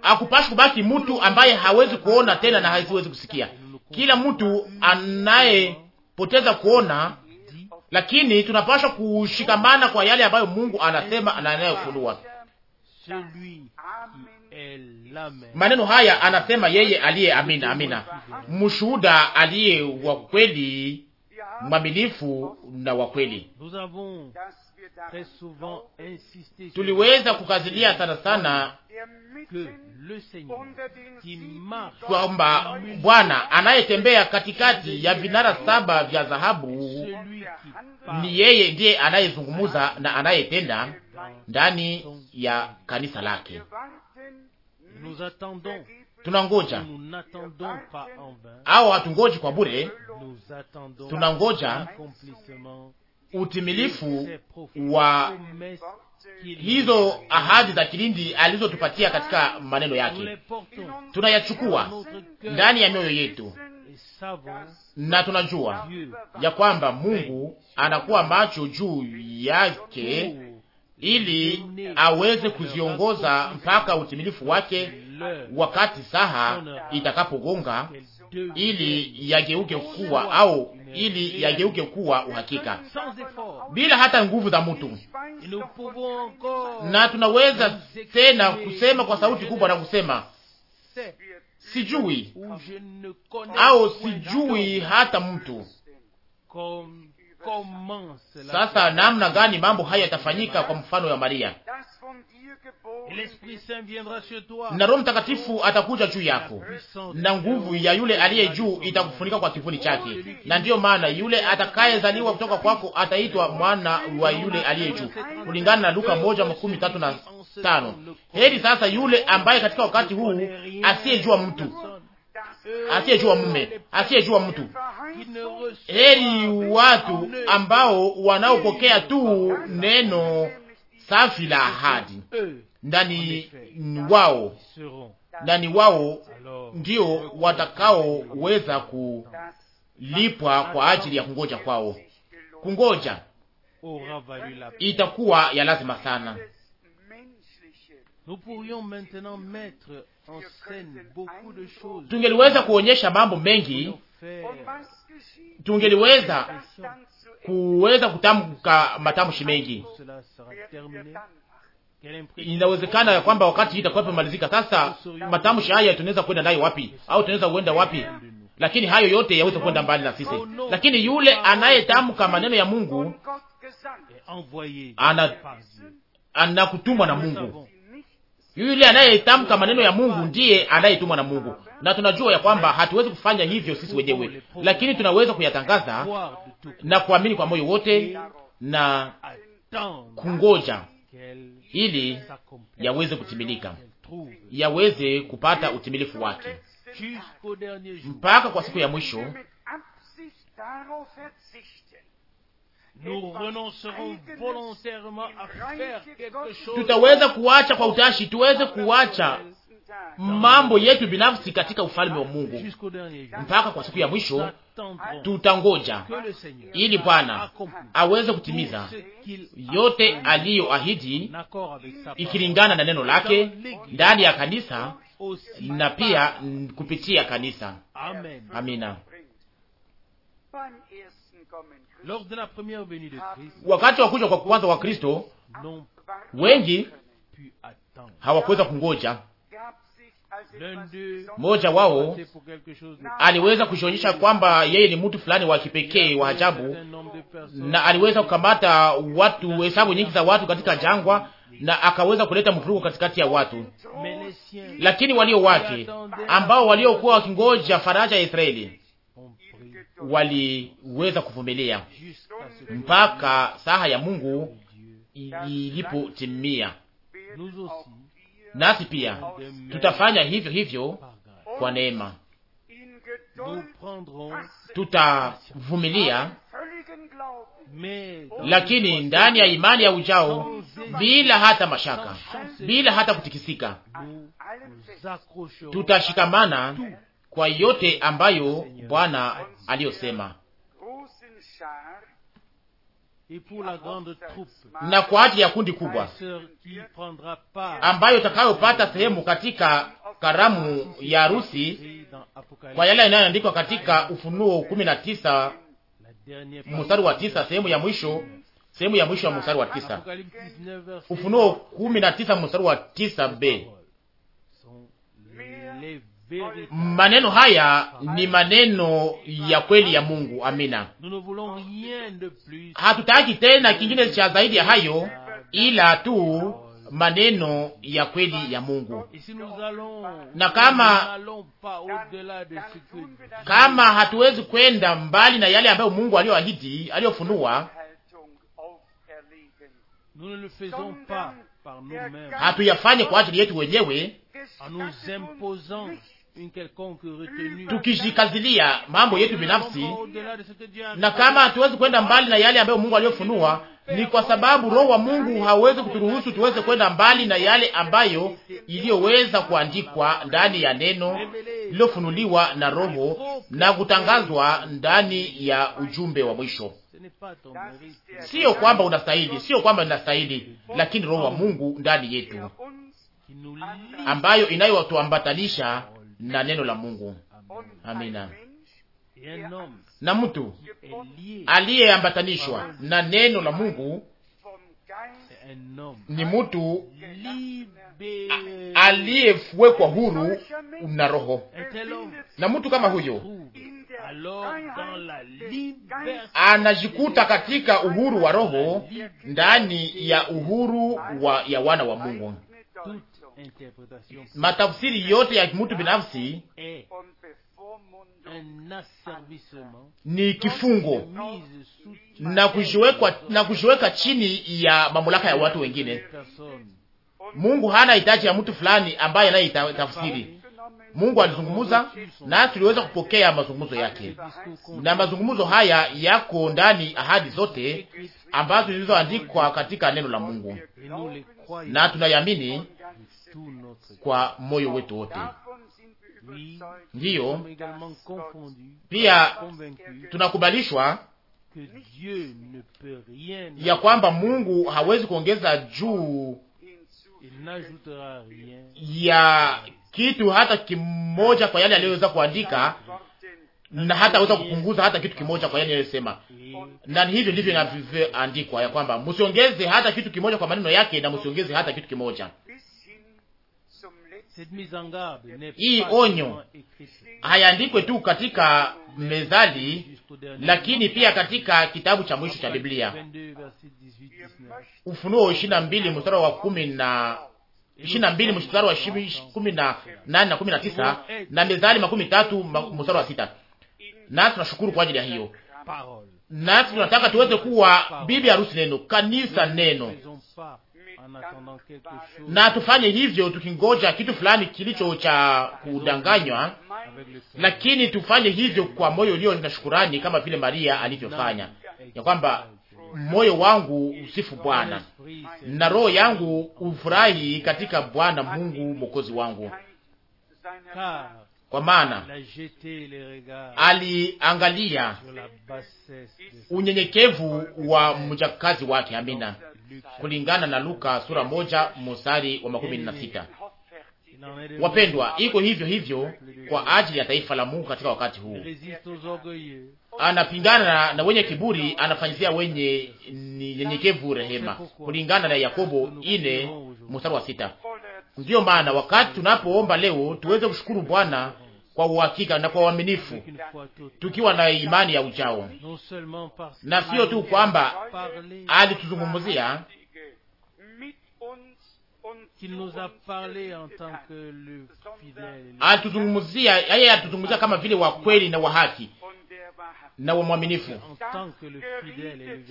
[SPEAKER 2] hakupashwi kubaki mtu ambaye hawezi kuona tena na haziwezi kusikia. Kila mtu anaye poteza kuona, lakini tunapaswa kushikamana kwa yale ambayo Mungu anasema na anayofunua
[SPEAKER 1] maneno haya.
[SPEAKER 2] Anasema yeye aliye amina, amina, mshuhuda aliye wa kweli, mwaminifu na wa kweli
[SPEAKER 1] tuliweza kukazilia sana sana kwamba Bwana
[SPEAKER 2] anayetembea katikati ya vinara saba vya dhahabu ni yeye ndiye anayezungumuza na anayetenda ndani ya kanisa lake. Tunangoja au hatungoji kwa bure, tunangoja utimilifu wa
[SPEAKER 1] hizo
[SPEAKER 2] ahadi za kilindi alizotupatia katika maneno yake, tunayachukua ndani ya mioyo yetu
[SPEAKER 1] na tunajua
[SPEAKER 2] ya kwamba Mungu anakuwa macho juu yake ili aweze kuziongoza mpaka utimilifu wake wakati saha itakapogonga ili yageuke kuwa au ili yageuke kuwa uhakika bila hata nguvu za mtu, na tunaweza tena kusema kwa sauti kubwa na kusema sijui,
[SPEAKER 1] au sijui
[SPEAKER 2] hata mtu
[SPEAKER 1] sasa namna gani
[SPEAKER 2] mambo haya yatafanyika kwa mfano ya Maria?
[SPEAKER 1] Na Roho Mtakatifu
[SPEAKER 2] atakuja juu yako, na nguvu ya yule aliye juu itakufunika kwa kivuli chake, na ndiyo maana yule atakayezaliwa kutoka kwako ataitwa mwana wa yule aliye juu, kulingana na Luka moja makumi tatu na tano. Heri sasa yule ambaye katika wakati huu asiyejua mtu asiyejua mume, asiyejua mtu. Heri watu ambao wanaopokea tu neno safi la ahadi ndani wao, ndani wao ndio watakaoweza kulipwa kwa ajili ya kungoja kwao. Kungoja itakuwa ya lazima sana
[SPEAKER 1] Nous pourrions maintenant mettre en scène beaucoup de choses. Tungeliweza
[SPEAKER 2] kuonyesha mambo mengi,
[SPEAKER 1] tungeliweza
[SPEAKER 2] kuweza kutamka matamshi mengi. Inawezekana ya kwamba wakati itakuwa pamalizika. Sasa matamshi haya tunaweza kwenda nayo wapi, au tunaweza kwenda wapi? Lakini hayo yote yaweza kwenda mbali na sisi, oh, lakini yule anayetamka maneno ya Mungu ana anakutumwa na Mungu yule anayetamka maneno ya Mungu ndiye anayetumwa na Mungu, na tunajua ya kwamba hatuwezi kufanya hivyo sisi wenyewe, lakini tunaweza kuyatangaza na kuamini kwa moyo wote na kungoja ili yaweze kutimilika, yaweze kupata utimilifu wake
[SPEAKER 1] mpaka kwa siku ya mwisho. Nous renoncerons volontairement à faire quelque chose. Tutaweza kuacha
[SPEAKER 2] kwa utashi, tuweze kuacha mambo yetu binafsi katika ufalme wa Mungu mpaka kwa siku ya mwisho.
[SPEAKER 1] Tutangoja ili Bwana aweze kutimiza yote
[SPEAKER 2] aliyoahidi,
[SPEAKER 1] ikilingana na neno lake ndani
[SPEAKER 2] ya kanisa na pia kupitia kanisa. Amina
[SPEAKER 1] wakati wa kuja kwa kwanza kwa Kristo wengi hawakuweza kungoja. Mmoja wao
[SPEAKER 2] aliweza kushionyesha kwamba yeye ni mtu fulani wa kipekee wa ajabu, na aliweza kukamata watu, hesabu nyingi za watu katika jangwa, na akaweza kuleta mvurugo katikati ya watu.
[SPEAKER 1] Lakini walio wake
[SPEAKER 2] ambao waliokuwa wakingoja faraja ya Israeli waliweza kuvumilia
[SPEAKER 1] mpaka
[SPEAKER 2] saha ya Mungu ilipotimia. Nasi pia tutafanya hivyo hivyo kwa neema, tutavumilia
[SPEAKER 1] lakini ndani ya
[SPEAKER 2] imani ya ujao, bila hata mashaka, bila hata kutikisika,
[SPEAKER 1] tutashikamana
[SPEAKER 2] kwa yote ambayo Bwana aliyosema
[SPEAKER 1] na kwa ajili ya kundi kubwa
[SPEAKER 2] ambayo itakayopata sehemu katika karamu ya harusi, kwa yale yanayoandikwa katika Ufunuo kumi na tisa mstari wa tisa sehemu ya mwisho, sehemu ya mwisho ya mstari wa tisa Ufunuo kumi na tisa mstari wa tisa b Maneno haya ni maneno ya kweli ya Mungu. Amina.
[SPEAKER 1] Hatutaki tena kingine cha
[SPEAKER 2] zaidi ya hayo, ila tu maneno ya kweli ya Mungu.
[SPEAKER 1] Na kama kama hatuwezi
[SPEAKER 2] kwenda mbali na yale ambayo Mungu aliyoahidi, aliyofunua,
[SPEAKER 1] hatuyafanye kwa ajili yetu wenyewe
[SPEAKER 2] Mm. tukijikazilia mambo yetu binafsi, na kama hatuwezi kwenda mbali na yale ambayo Mungu aliyofunua, ni kwa sababu Roho wa Mungu hawezi kuturuhusu tuweze kwenda mbali na yale ambayo iliyoweza kuandikwa ndani ya neno lilofunuliwa na Roho na kutangazwa ndani ya ujumbe wa mwisho. Sio kwamba unastahili, sio kwamba unastahili, lakini Roho wa Mungu ndani yetu ambayo inayotuambatanisha na neno la Mungu. Amina. Na mtu aliyeambatanishwa na neno la Mungu
[SPEAKER 1] ni mtu
[SPEAKER 2] aliyewekwa huru na Roho, na mtu kama huyo anajikuta katika uhuru wa Roho ndani ya uhuru wa ya wana wa Mungu
[SPEAKER 1] matafsiri
[SPEAKER 2] yote ya mtu binafsi e ni kifungo na kujiwekwa na kujiweka chini ya mamlaka ya watu wengine. Mungu hana hitaji ya mtu fulani ambaye naye tafsiri. Mungu alizungumza na tuliweza kupokea mazungumzo yake, na mazungumzo haya yako ndani ahadi zote ambazo zilizoandikwa katika neno la Mungu,
[SPEAKER 1] na tunayamini kwa moyo wetu wote. Ndiyo pia tunakubalishwa ya kwamba
[SPEAKER 2] Mungu hawezi kuongeza juu
[SPEAKER 1] ya
[SPEAKER 2] kitu hata kimoja kwa yale aliyoweza kuandika na hata aweza kupunguza hata kitu kimoja kwa yale aliyosema, na hivyo ndivyo inavyoandikwa ya kwamba msiongeze hata kitu kimoja kwa maneno yake na msiongeze hata kitu kimoja
[SPEAKER 1] hii onyo
[SPEAKER 2] hayaandikwe tu katika Mezali, lakini pia katika kitabu cha mwisho cha Biblia, Ufunuo ishirini na mbili mstari wa kumi na ishirini na mbili mstari wa kumi na nane na kumi na tisa na Mezali makumi tatu mstari wa sita. Na tunashukuru kwa ajili ya hiyo, nasi tunataka tuweze kuwa bibi harusi neno, kanisa neno na tufanye hivyo tukingoja kitu fulani kilicho cha kudanganywa, lakini tufanye hivyo kwa moyo ulio na shukurani, kama vile Maria alivyofanya, ya kwamba moyo wangu usifu Bwana na roho yangu ufurahi katika Bwana Mungu mwokozi wangu,
[SPEAKER 1] kwa maana aliangalia
[SPEAKER 2] unyenyekevu wa mjakazi wake. Amina kulingana na Luka sura moja mstari wa makumi na sita. Wapendwa, iko hivyo hivyo kwa ajili ya taifa la Mungu katika wakati huu. Anapingana na, na wenye kiburi, anafanyizia wenye nyenyekevu rehema, kulingana na Yakobo ine mstari wa sita. Ndiyo maana wakati tunapoomba leo tuweze kushukuru Bwana kwa uhakika na kwa uaminifu, tukiwa na imani ya ujao,
[SPEAKER 1] na sio tu kwamba
[SPEAKER 2] alituzungumzia alituzungumzia yeye, alituzungumzia kama vile wa kweli na wa haki na wa mwaminifu,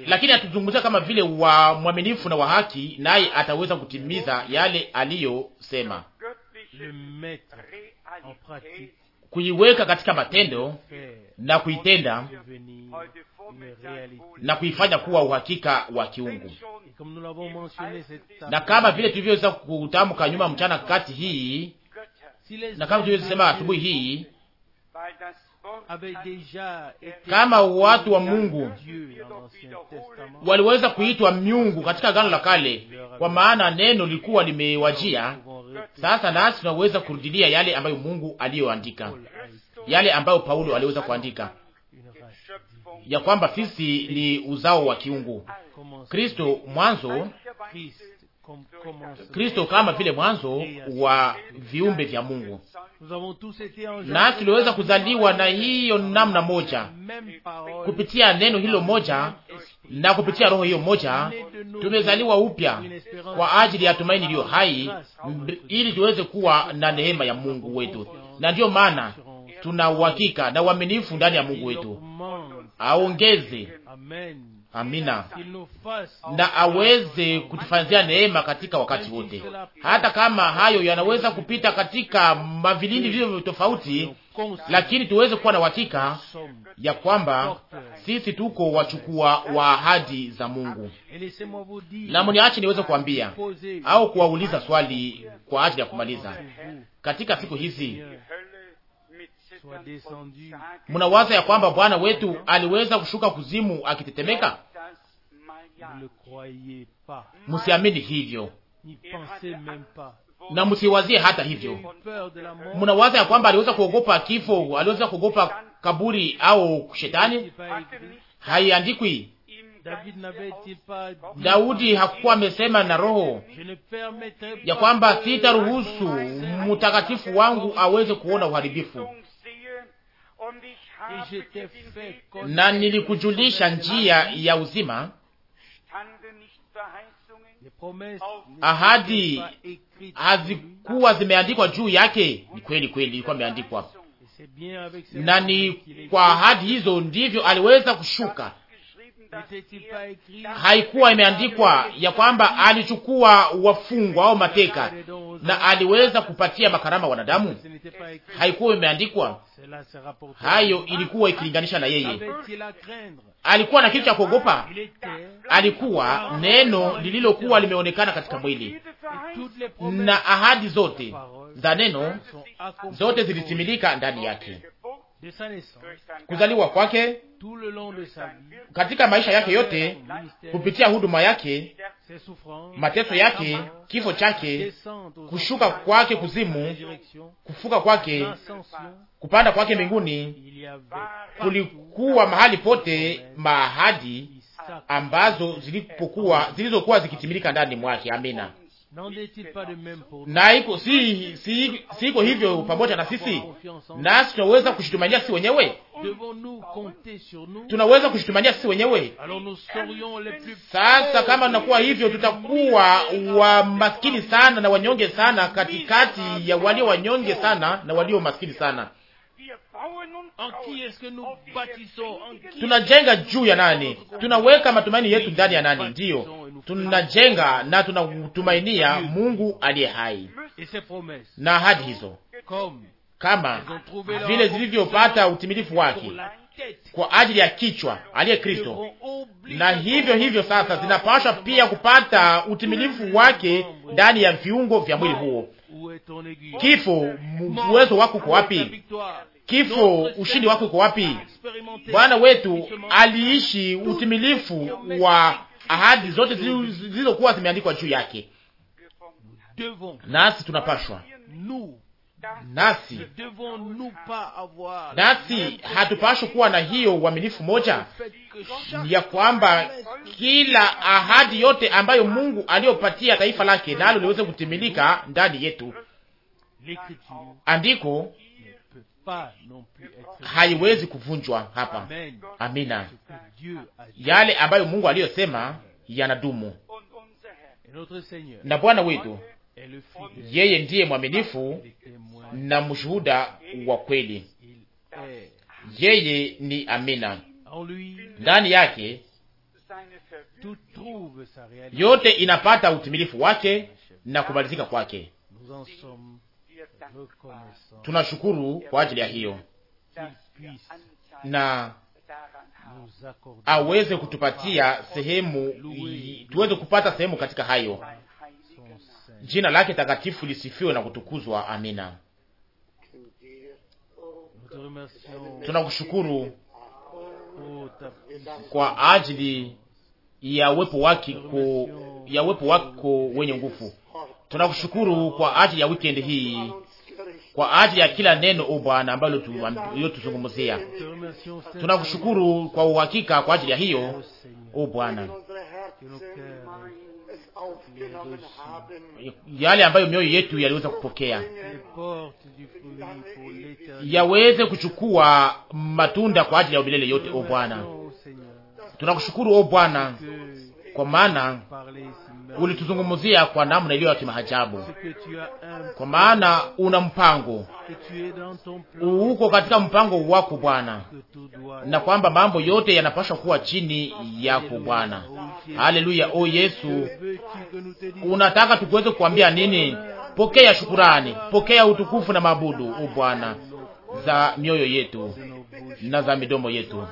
[SPEAKER 1] lakini atuzungumzia
[SPEAKER 2] kama vile wa mwaminifu na wa haki, naye ataweza kutimiza yale aliyosema kuiweka katika matendo na kuitenda na kuifanya kuwa uhakika wa kiungu.
[SPEAKER 1] Na kama vile tulivyoweza kutamka nyuma mchana kati
[SPEAKER 2] hii na kama tulivyosema asubuhi hii
[SPEAKER 1] kama watu wa Mungu
[SPEAKER 2] waliweza kuitwa miungu katika gano la Kale, kwa maana neno lilikuwa limewajia. Sasa nasi tunaweza kurudilia yale ambayo Mungu aliyoandika, yale ambayo Paulo aliweza kuandika ya kwamba sisi ni uzao wa kiungu. Kristo mwanzo
[SPEAKER 1] Kristo kama vile mwanzo
[SPEAKER 2] wa viumbe vya Mungu,
[SPEAKER 1] na tuliweza kuzaliwa na
[SPEAKER 2] hiyo namna moja kupitia neno hilo moja na kupitia roho hiyo moja tumezaliwa upya kwa ajili ya tumaini iliyo hai, ili tuweze kuwa na neema ya Mungu wetu, na ndiyo maana tuna uhakika na uaminifu ndani ya Mungu wetu. Aongeze Amina, na aweze kutufanyia neema katika wakati wote, hata kama hayo yanaweza kupita katika mavilindi vilivyo tofauti, lakini tuweze kuwa na uhakika ya kwamba sisi tuko wachukua wa ahadi za Mungu.
[SPEAKER 1] Na mniache niweze kuambia au
[SPEAKER 2] kuwauliza swali kwa ajili ya kumaliza katika siku hizi Mnawaza ya kwamba Bwana wetu aliweza kushuka kuzimu akitetemeka? Msiamini hivyo na msiwazie hata hivyo. Mnawaza ya kwamba aliweza kuogopa kifo, aliweza kuogopa kaburi au shetani? Haiandikwi?
[SPEAKER 1] Daudi hakukuwa amesema na Roho ya kwamba
[SPEAKER 2] sitaruhusu mtakatifu wangu aweze kuona uharibifu? na nilikujulisha njia ya uzima.
[SPEAKER 1] Ahadi
[SPEAKER 2] hazikuwa zimeandikwa juu yake, ni kweli kweli, ilikuwa imeandikwa, na ni kwa ahadi hizo ndivyo aliweza kushuka haikuwa imeandikwa ya kwamba alichukua wafungwa au mateka na aliweza kupatia makarama wanadamu? Haikuwa imeandikwa
[SPEAKER 1] hayo? Ilikuwa ikilinganisha na yeye,
[SPEAKER 2] alikuwa na kitu cha kuogopa. Alikuwa neno lililokuwa limeonekana katika mwili, na ahadi zote za neno zote zilitimilika ndani yake
[SPEAKER 1] kuzaliwa kwake katika maisha yake yote, kupitia huduma yake, mateso yake,
[SPEAKER 2] kifo chake, kushuka kwake kuzimu, kufuka kwake, kupanda kwake mbinguni, kulikuwa mahali pote maahadi ambazo zilipokuwa zilizokuwa zikitimilika ndani mwake. Amina na iko si, si, si iko hivyo pamoja na sisi, nasi tunaweza kushitumania sisi wenyewe, tunaweza kushitumania sisi wenyewe. Sasa kama tunakuwa hivyo, tutakuwa wa maskini sana na wanyonge sana, katikati ya walio wanyonge sana na walio maskini sana.
[SPEAKER 1] Tunajenga juu ya
[SPEAKER 2] nani? Tunaweka matumaini yetu ndani ya nani? Ndiyo tunajenga na tunatumainia Mungu aliye hai na ahadi hizo kama vile zilivyopata utimilifu wake kwa ajili ya kichwa aliye Kristo, na hivyo hivyo sasa zinapaswa pia kupata utimilifu wake ndani ya viungo vya mwili huo. Kifo, uwezo wako uko wapi? Kifo, ushindi wako uko wapi? Bwana wetu aliishi utimilifu wa ahadi zote zilizokuwa zimeandikwa juu yake, nasi tunapashwa nasi nasi hatupashwe kuwa na hiyo uaminifu moja ya kwamba kila ahadi yote ambayo Mungu aliyopatia taifa lake nalo liweze kutimilika ndani yetu. Andiko
[SPEAKER 1] haiwezi
[SPEAKER 2] kuvunjwa hapa. Amina, yale ambayo Mungu aliyosema yanadumu,
[SPEAKER 1] na Bwana wetu
[SPEAKER 2] yeye ndiye mwaminifu na mshuhuda wa kweli. Yeye ni Amina, ndani yake
[SPEAKER 1] yote inapata
[SPEAKER 2] utimilifu wake na kumalizika kwake.
[SPEAKER 1] Tunashukuru kwa ajili ya hiyo, na aweze kutupatia
[SPEAKER 2] sehemu, tuweze kupata sehemu katika hayo. Jina lake takatifu lisifiwe na kutukuzwa. Amina. Tunakushukuru kwa ajili ya uwepo wako, ya uwepo wako wenye nguvu. Tunakushukuru kwa ajili ya weekend hii, kwa ajili ya kila neno, o Bwana, ambalo uliyotuzungumzia. Tunakushukuru kwa uhakika kwa ajili ya hiyo, o Bwana, yale ambayo mioyo yetu yaliweza kupokea yaweze kuchukua matunda kwa ajili ya umilele yote, o Bwana. Tunakushukuru o Bwana, kwa maana ulituzungumzia kwa namna iliyo ya kimahajabu
[SPEAKER 1] kwa maana una
[SPEAKER 2] mpango, uko katika mpango wako Bwana, na kwamba mambo yote yanapaswa kuwa chini yako Bwana. Haleluya! O Yesu, unataka tukuweze kuambia nini? Pokea shukurani, pokea utukufu na mabudu, u Bwana, za mioyo yetu na za midomo yetu.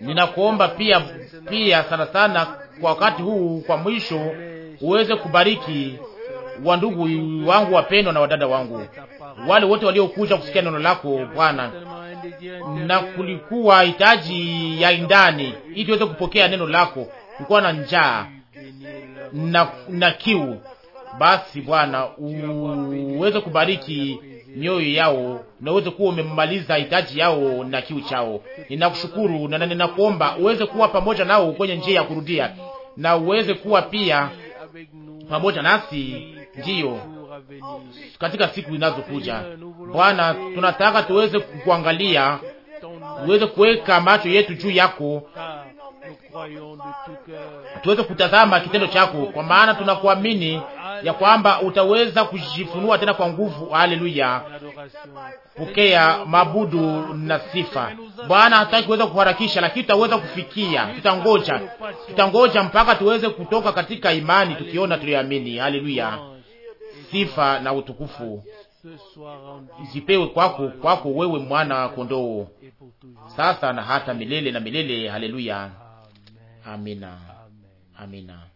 [SPEAKER 2] Ninakuomba pia pia sana sana kwa wakati huu kwa mwisho uweze kubariki wandugu wangu wapendwa na wadada wangu wale wote waliokuja kusikia neno lako Bwana, na kulikuwa hitaji ya ndani ili tuweze kupokea neno lako. Kulikuwa na njaa na, na kiu. Basi Bwana uweze kubariki mioyo yao na uweze kuwa umemaliza hitaji yao na kiu chao. Ninakushukuru na ninakuomba uweze kuwa pamoja nao kwenye njia ya kurudia na uweze kuwa pia pamoja nasi ndiyo katika siku zinazokuja. Bwana, tunataka tuweze kukuangalia, uweze kuweka macho yetu juu yako tuweze kutazama kitendo chako, kwa maana tunakuamini ya kwamba utaweza kujifunua tena kwa nguvu. Haleluya, pokea mabudu na sifa. Bwana hataki kuweza kuharakisha, lakini tutaweza kufikia. Tutangoja, tutangoja mpaka tuweze kutoka katika imani, tukiona tuliamini. Haleluya, sifa na utukufu zipewe kwako, kwako wewe mwana kondoo, sasa na hata milele na milele. Haleluya. Amina. Amina.